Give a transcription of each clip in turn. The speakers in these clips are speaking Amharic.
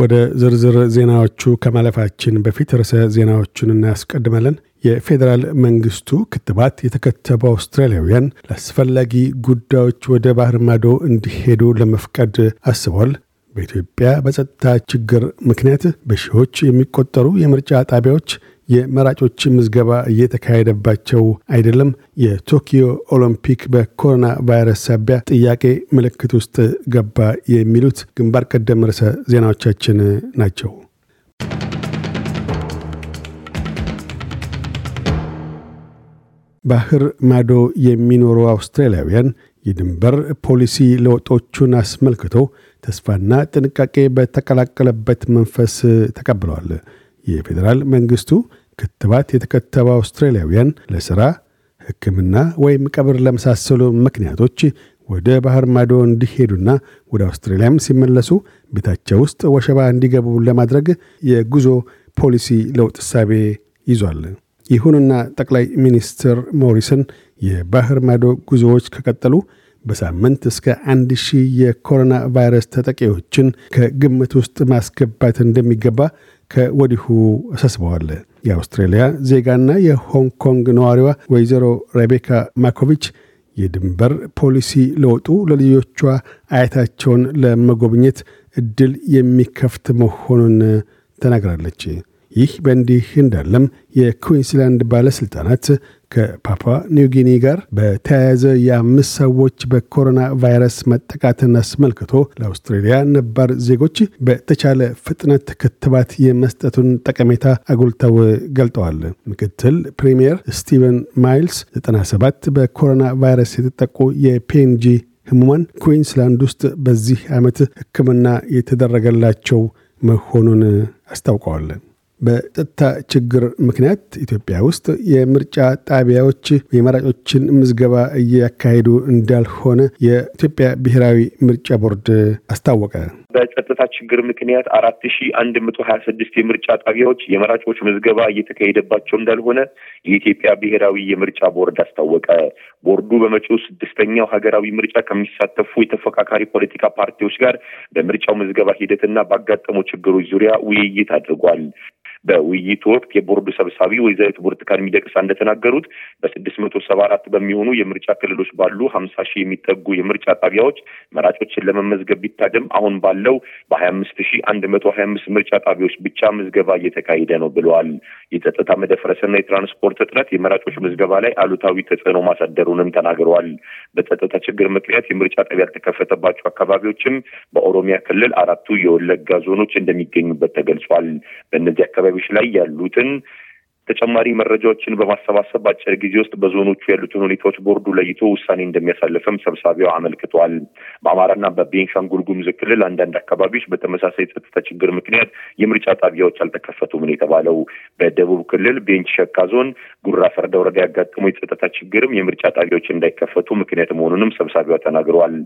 ወደ ዝርዝር ዜናዎቹ ከማለፋችን በፊት ርዕሰ ዜናዎቹን እናስቀድማለን። የፌዴራል መንግስቱ ክትባት የተከተቡ አውስትራሊያውያን ለአስፈላጊ ጉዳዮች ወደ ባህር ማዶ እንዲሄዱ ለመፍቀድ አስቧል። በኢትዮጵያ በጸጥታ ችግር ምክንያት በሺዎች የሚቆጠሩ የምርጫ ጣቢያዎች የመራጮች ምዝገባ እየተካሄደባቸው አይደለም። የቶኪዮ ኦሎምፒክ በኮሮና ቫይረስ ሳቢያ ጥያቄ ምልክት ውስጥ ገባ። የሚሉት ግንባር ቀደም ርዕሰ ዜናዎቻችን ናቸው። ባህር ማዶ የሚኖሩ አውስትራሊያውያን የድንበር ፖሊሲ ለውጦቹን አስመልክቶ ተስፋና ጥንቃቄ በተቀላቀለበት መንፈስ ተቀብለዋል። የፌዴራል መንግስቱ ክትባት የተከተበ አውስትራሊያውያን ለሥራ፣ ሕክምና ወይም ቀብር ለመሳሰሉ ምክንያቶች ወደ ባህር ማዶ እንዲሄዱና ወደ አውስትራሊያም ሲመለሱ ቤታቸው ውስጥ ወሸባ እንዲገቡ ለማድረግ የጉዞ ፖሊሲ ለውጥ እሳቤ ይዟል። ይሁንና ጠቅላይ ሚኒስትር ሞሪሰን የባህር ማዶ ጉዞዎች ከቀጠሉ በሳምንት እስከ አንድ ሺህ የኮሮና ቫይረስ ተጠቂዎችን ከግምት ውስጥ ማስገባት እንደሚገባ ከወዲሁ አሳስበዋል። የአውስትሬልያ ዜጋና የሆንግ ኮንግ ነዋሪዋ ወይዘሮ ሬቤካ ማኮቪች የድንበር ፖሊሲ ለውጡ ለልጆቿ አያታቸውን ለመጎብኘት እድል የሚከፍት መሆኑን ተናግራለች። ይህ በእንዲህ እንዳለም የኩዊንስላንድ ባለሥልጣናት ከፓፓ ኒውጊኒ ጋር በተያያዘ የአምስት ሰዎች በኮሮና ቫይረስ መጠቃትን አስመልክቶ ለአውስትሬልያ ነባር ዜጎች በተቻለ ፍጥነት ክትባት የመስጠቱን ጠቀሜታ አጉልተው ገልጠዋል። ምክትል ፕሪምየር ስቲቨን ማይልስ 97 በኮሮና ቫይረስ የተጠቁ የፒኤንጂ ህሙማን ኩዊንስላንድ ውስጥ በዚህ ዓመት ሕክምና የተደረገላቸው መሆኑን አስታውቀዋል። በጸጥታ ችግር ምክንያት ኢትዮጵያ ውስጥ የምርጫ ጣቢያዎች የመራጮችን ምዝገባ እያካሄዱ እንዳልሆነ የኢትዮጵያ ብሔራዊ ምርጫ ቦርድ አስታወቀ። በጸጥታ ችግር ምክንያት አራት ሺ አንድ መቶ ሀያ ስድስት የምርጫ ጣቢያዎች የመራጮች ምዝገባ እየተካሄደባቸው እንዳልሆነ የኢትዮጵያ ብሔራዊ የምርጫ ቦርድ አስታወቀ። ቦርዱ በመጪው ስድስተኛው ሀገራዊ ምርጫ ከሚሳተፉ የተፎካካሪ ፖለቲካ ፓርቲዎች ጋር በምርጫው ምዝገባ ሂደትና ባጋጠሙ ችግሮች ዙሪያ ውይይት አድርጓል። በውይይቱ ወቅት የቦርዱ ሰብሳቢ ወይዘሪት ብርቱካን ሚደቅሳ እንደተናገሩት በስድስት መቶ ሰባ አራት በሚሆኑ የምርጫ ክልሎች ባሉ ሀምሳ ሺህ የሚጠጉ የምርጫ ጣቢያዎች መራጮችን ለመመዝገብ ቢታደም አሁን ባለው በሀያ አምስት ሺህ አንድ መቶ ሀያ አምስት ምርጫ ጣቢያዎች ብቻ ምዝገባ እየተካሄደ ነው ብለዋል። የጸጥታ መደፍረስና የትራንስፖርት እጥረት የመራጮች ምዝገባ ላይ አሉታዊ ተጽዕኖ ማሳደሩንም ተናግረዋል። በጸጥታ ችግር ምክንያት የምርጫ ጣቢያ ያልተከፈተባቸው አካባቢዎችም በኦሮሚያ ክልል አራቱ የወለጋ ዞኖች እንደሚገኙበት ተገልጿል። በእነዚህ አካባቢ አካባቢዎች ላይ ያሉትን ተጨማሪ መረጃዎችን በማሰባሰብ በአጭር ጊዜ ውስጥ በዞኖቹ ያሉትን ሁኔታዎች ቦርዱ ለይቶ ውሳኔ እንደሚያሳልፍም ሰብሳቢው አመልክቷል። በአማራና በቤንሻንጉል ጉሙዝ ክልል አንዳንድ አካባቢዎች በተመሳሳይ ጸጥታ ችግር ምክንያት የምርጫ ጣቢያዎች አልተከፈቱም ነው የተባለው። በደቡብ ክልል ቤንች ሸካ ዞን ጉራ ፈርዳ ወረዳ ያጋጠመው የጸጥታ ችግርም የምርጫ ጣቢያዎች እንዳይከፈቱ ምክንያት መሆኑንም ሰብሳቢዋ ተናግረዋል።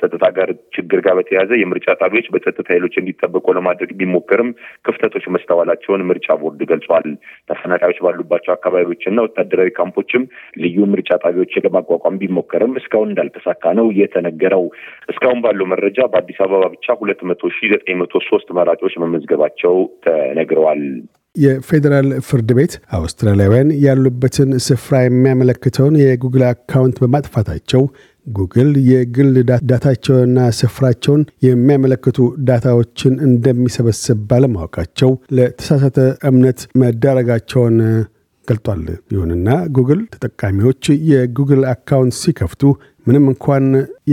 ከጸጥታ ጋር ችግር ጋር በተያያዘ የምርጫ ጣቢያዎች በጸጥታ ኃይሎች እንዲጠበቁ ለማድረግ ቢሞከርም ክፍተቶች መስተዋላቸውን ምርጫ ቦርድ ገልጿል። ተፈናቃዮች ባሉባቸው አካባቢዎችና ወታደራዊ ካምፖችም ልዩ ምርጫ ጣቢያዎችን ለማቋቋም ቢሞከርም እስካሁን እንዳልተሳካ ነው የተነገረው። እስካሁን ባለው መረጃ በአዲስ አበባ ብቻ ሁለት መቶ ሺህ ዘጠኝ መቶ ሶስት መራጮች መመዝገባቸው ተነግረዋል። የፌዴራል ፍርድ ቤት አውስትራሊያውያን ያሉበትን ስፍራ የሚያመለክተውን የጉግል አካውንት በማጥፋታቸው ጉግል የግል ዳታቸውንና ስፍራቸውን የሚያመለክቱ ዳታዎችን እንደሚሰበስብ ባለማወቃቸው ለተሳሳተ እምነት መዳረጋቸውን ገልጧል። ይሁንና ጉግል ተጠቃሚዎች የጉግል አካውንት ሲከፍቱ ምንም እንኳን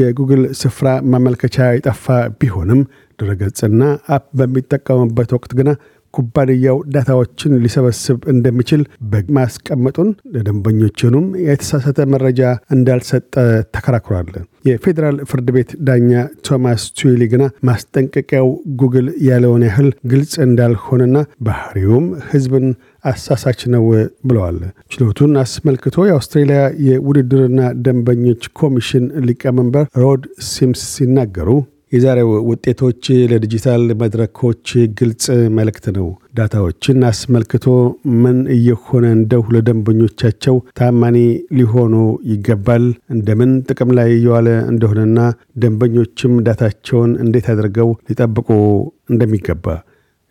የጉግል ስፍራ ማመልከቻ የጠፋ ቢሆንም ድረገጽና አፕ በሚጠቀሙበት ወቅት ግና ኩባንያው ዳታዎችን ሊሰበስብ እንደሚችል በማስቀመጡን ለደንበኞችንም የተሳሳተ መረጃ እንዳልሰጠ ተከራክሯል። የፌዴራል ፍርድ ቤት ዳኛ ቶማስ ቱዊሊ ግና ማስጠንቀቂያው ጉግል ያለውን ያህል ግልጽ እንዳልሆነና ባህሪውም ህዝብን አሳሳች ነው ብለዋል። ችሎቱን አስመልክቶ የአውስትሬልያ የውድድርና ደንበኞች ኮሚሽን ሊቀመንበር ሮድ ሲምስ ሲናገሩ የዛሬው ውጤቶች ለዲጂታል መድረኮች ግልጽ መልእክት ነው። ዳታዎችን አስመልክቶ ምን እየሆነ እንደው ለደንበኞቻቸው ታማኒ ሊሆኑ ይገባል፣ እንደምን ጥቅም ላይ እየዋለ እንደሆነና ደንበኞችም ዳታቸውን እንዴት አድርገው ሊጠብቁ እንደሚገባ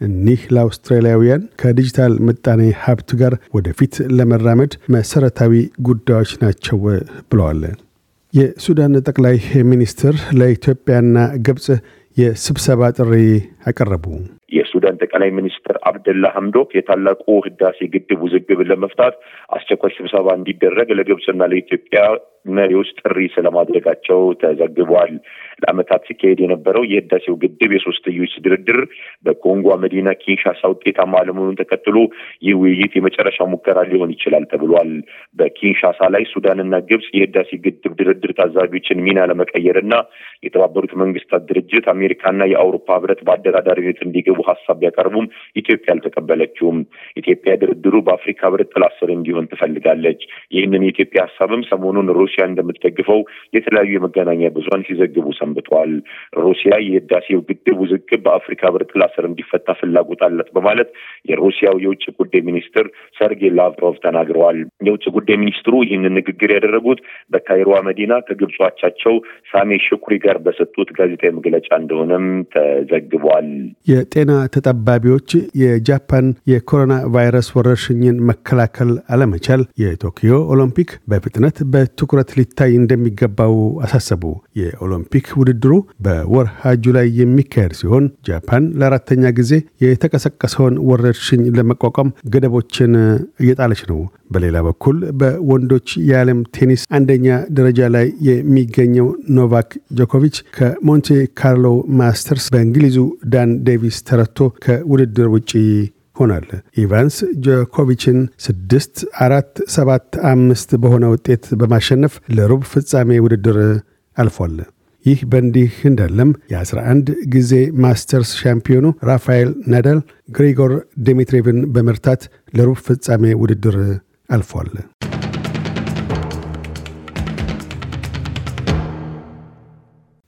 እኒህ ለአውስትራሊያውያን ከዲጂታል ምጣኔ ሀብት ጋር ወደፊት ለመራመድ መሰረታዊ ጉዳዮች ናቸው ብለዋል። የሱዳን ጠቅላይ ሚኒስትር ለኢትዮጵያና ግብፅ የስብሰባ ጥሪ አቀረቡ። የሱዳን ጠቅላይ ሚኒስትር አብደላ ሀምዶክ የታላቁ ህዳሴ ግድብ ውዝግብን ለመፍታት አስቸኳይ ስብሰባ እንዲደረግ ለግብፅና ለኢትዮጵያ መሪዎች ጥሪ ስለማድረጋቸው ተዘግቧል። ለአመታት ሲካሄድ የነበረው የህዳሴው ግድብ የሶስትዮሽ ድርድር በኮንጎ መዲና ኪንሻሳ ውጤታማ አለመሆኑን ተከትሎ ይህ ውይይት የመጨረሻ ሙከራ ሊሆን ይችላል ተብሏል። በኪንሻሳ ላይ ሱዳንና ግብጽ የህዳሴ ግድብ ድርድር ታዛቢዎችን ሚና ለመቀየር እና የተባበሩት መንግስታት ድርጅት አሜሪካና የአውሮፓ ህብረት በአደራዳሪነት እንዲገቡ ሀሳብ ቢያቀርቡም ኢትዮጵያ አልተቀበለችውም። ኢትዮጵያ ድርድሩ በአፍሪካ ህብረት ጥላ ስር እንዲሆን ትፈልጋለች። ይህንን የኢትዮጵያ ሀሳብም ሰሞኑን ሩሲያ እንደምትደግፈው የተለያዩ የመገናኛ ብዙን ሲዘግቡ ሰንብተዋል። ሩሲያ የህዳሴው ግድብ ውዝግብ በአፍሪካ ህብረት ጥላ ስር እንዲፈታ ፍላጎት አላት በማለት የሩሲያው የውጭ ጉዳይ ሚኒስትር ሰርጌይ ላቭሮቭ ተናግረዋል። የውጭ ጉዳይ ሚኒስትሩ ይህንን ንግግር ያደረጉት በካይሮዋ መዲና ከግብጽ አቻቸው ሳሜ ሽኩሪ ጋር በሰጡት ጋዜጣዊ መግለጫ እንደሆነም ተዘግቧል። የጤና ጠባቢዎች የጃፓን የኮሮና ቫይረስ ወረርሽኝን መከላከል አለመቻል የቶኪዮ ኦሎምፒክ በፍጥነት በትኩረት ሊታይ እንደሚገባው አሳሰቡ። የኦሎምፒክ ውድድሩ በወርሃ ጁላይ የሚካሄድ ሲሆን ጃፓን ለአራተኛ ጊዜ የተቀሰቀሰውን ወረርሽኝ ለመቋቋም ገደቦችን እየጣለች ነው። በሌላ በኩል በወንዶች የዓለም ቴኒስ አንደኛ ደረጃ ላይ የሚገኘው ኖቫክ ጆኮቪች ከሞንቴ ካርሎ ማስተርስ በእንግሊዙ ዳን ዴቪስ ተረቶ ከውድድር ውጪ ሆናል። ኢቫንስ ጆኮቪችን ስድስት አራት ሰባት አምስት በሆነ ውጤት በማሸነፍ ለሩብ ፍጻሜ ውድድር አልፏል። ይህ በእንዲህ እንዳለም የ11 ጊዜ ማስተርስ ሻምፒዮኑ ራፋኤል ናዳል ግሪጎር ዲሚትሪቭን በመርታት ለሩብ ፍጻሜ ውድድር አልፏል።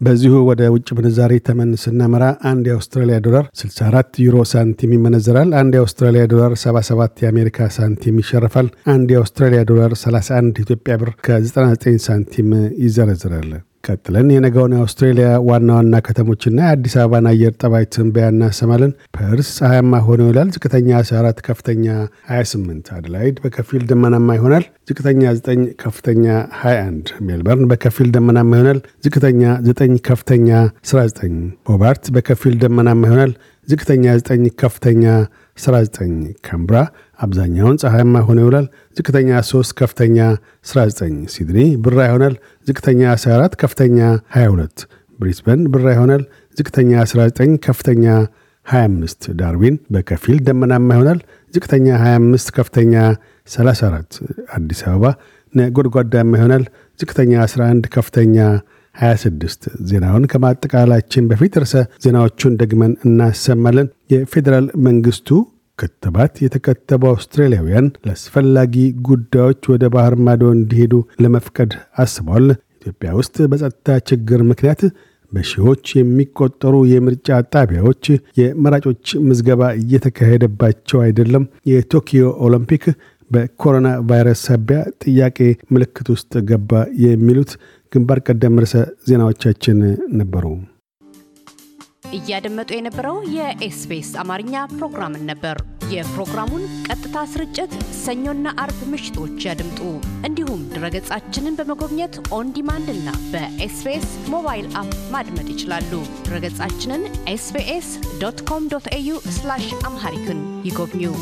በዚሁ ወደ ውጭ ምንዛሪ ተመን ስናመራ አንድ የአውስትራሊያ ዶላር 64 ዩሮ ሳንቲም ይመነዘራል። አንድ የአውስትራሊያ ዶላር 77 የአሜሪካ ሳንቲም ይሸርፋል። አንድ የአውስትራሊያ ዶላር 31 ኢትዮጵያ ብር ከ99 ሳንቲም ይዘረዝራል። ቀጥለን የነገውን የአውስትሬሊያ ዋና ዋና ከተሞችና የአዲስ አበባን አየር ጠባይ ትንበያ እናሰማለን። ፐርስ ፀሐያማ ሆኖ ይውላል። ዝቅተኛ 14፣ ከፍተኛ 28። አደላይድ በከፊል ደመናማ ይሆናል። ዝቅተኛ 9፣ ከፍተኛ 21። ሜልበርን በከፊል ደመናማ ይሆናል። ዝቅተኛ 9፣ ከፍተኛ 19። ሆባርት በከፊል ደመናማ ይሆናል። ዝቅተኛ 9፣ ከፍተኛ 19 ካምብራ አብዛኛውን ፀሐያማ ሆኖ ይውላል። ዝቅተኛ 3 ከፍተኛ 19። ሲድኒ ብራ ይሆናል። ዝቅተኛ 14 ከፍተኛ 22። ብሪስበን ብራ ይሆናል። ዝቅተኛ 19 ከፍተኛ 25። ዳርዊን በከፊል ደመናማ ይሆናል። ዝቅተኛ 25 ከፍተኛ 34። አዲስ አበባ ነጎድጓዳማ ይሆናል። ዝቅተኛ 11 ከፍተኛ 26 ዜናውን ከማጠቃላችን በፊት እርሰ ዜናዎቹን ደግመን እናሰማለን። የፌዴራል መንግስቱ ክትባት የተከተቡ አውስትራሊያውያን ለአስፈላጊ ጉዳዮች ወደ ባህር ማዶ እንዲሄዱ ለመፍቀድ አስቧል። ኢትዮጵያ ውስጥ በጸጥታ ችግር ምክንያት በሺዎች የሚቆጠሩ የምርጫ ጣቢያዎች የመራጮች ምዝገባ እየተካሄደባቸው አይደለም። የቶኪዮ ኦሎምፒክ በኮሮና ቫይረስ ሳቢያ ጥያቄ ምልክት ውስጥ ገባ የሚሉት ግንባር ቀደም ርዕሰ ዜናዎቻችን ነበሩ። እያደመጡ የነበረው የኤስቢኤስ አማርኛ ፕሮግራምን ነበር። የፕሮግራሙን ቀጥታ ስርጭት ሰኞና አርብ ምሽቶች ያድምጡ። እንዲሁም ድረገጻችንን በመጎብኘት ኦንዲማንድ እና በኤስቢኤስ ሞባይል አፕ ማድመጥ ይችላሉ። ድረገጻችንን ኤስቢኤስ ኮም ዶት ኤዩ አምሃሪክን ይጎብኙ።